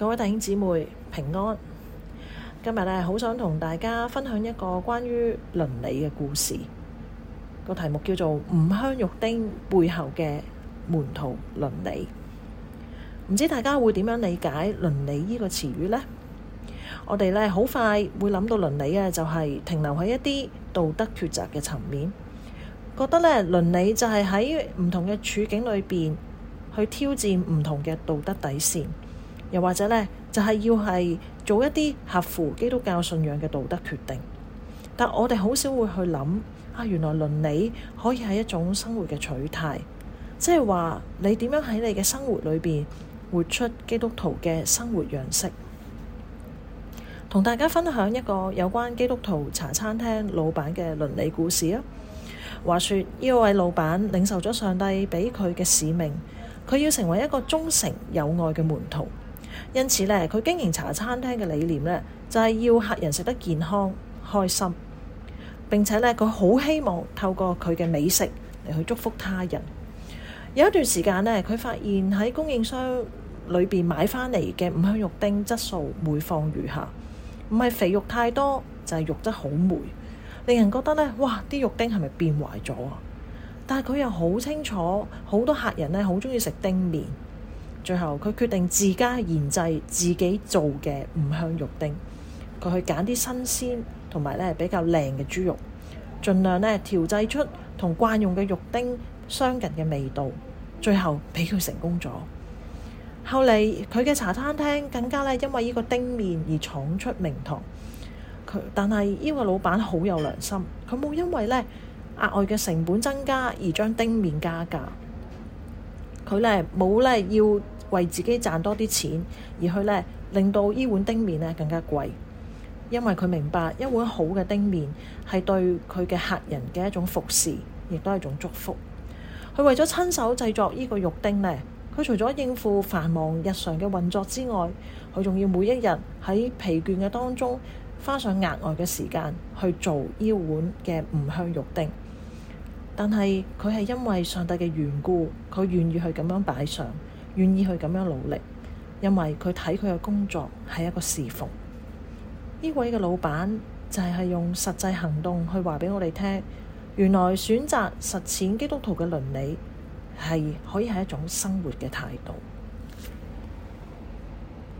各位弟兄姊妹平安，今日咧好想同大家分享一個關於倫理嘅故事。個題目叫做《五香肉丁》背後嘅門徒倫理。唔知大家會點樣理解倫理呢個詞語呢？我哋咧好快會諗到倫理嘅就係停留喺一啲道德抉擇嘅層面，覺得咧倫理就係喺唔同嘅處境裏邊去挑戰唔同嘅道德底線。又或者呢，就係、是、要係做一啲合乎基督教信仰嘅道德決定，但我哋好少會去諗啊。原來倫理可以係一種生活嘅取態，即係話你點樣喺你嘅生活裏邊活出基督徒嘅生活樣式，同大家分享一個有關基督徒茶餐廳老闆嘅倫理故事啊。話說呢、這個、位老闆領受咗上帝俾佢嘅使命，佢要成為一個忠誠有愛嘅門徒。因此咧，佢經營茶餐廳嘅理念咧，就係要客人食得健康、開心。並且咧，佢好希望透過佢嘅美食嚟去祝福他人。有一段時間咧，佢發現喺供應商裏邊買翻嚟嘅五香肉丁質素每況愈下，唔係肥肉太多，就係肉質好霉，令人覺得咧，哇！啲肉丁係咪變壞咗啊？但係佢又好清楚，好多客人咧，好鍾意食丁麵。最後，佢決定自家研製、自己做嘅五香肉丁。佢去揀啲新鮮同埋咧比較靚嘅豬肉，盡量咧調製出同慣用嘅肉丁相近嘅味道。最後俾佢成功咗。後嚟佢嘅茶餐廳更加咧因為呢個丁麵而闖出名堂。佢但係呢個老闆好有良心，佢冇因為咧額外嘅成本增加而將丁麵加價。佢呢冇呢要為自己賺多啲錢，而去呢令到依碗丁麵呢更加貴。因為佢明白一碗好嘅丁麵係對佢嘅客人嘅一種服侍，亦都係一種祝福。佢為咗親手製作呢個肉丁呢，佢除咗應付繁忙日常嘅運作之外，佢仲要每一日喺疲倦嘅當中花上額外嘅時間去做依碗嘅五香肉丁。但係佢係因為上帝嘅緣故，佢願意去咁樣擺上，願意去咁樣努力，因為佢睇佢嘅工作係一個侍奉。呢位嘅老闆就係用實際行動去話畀我哋聽，原來選擇實踐基督徒嘅倫理係可以係一種生活嘅態度。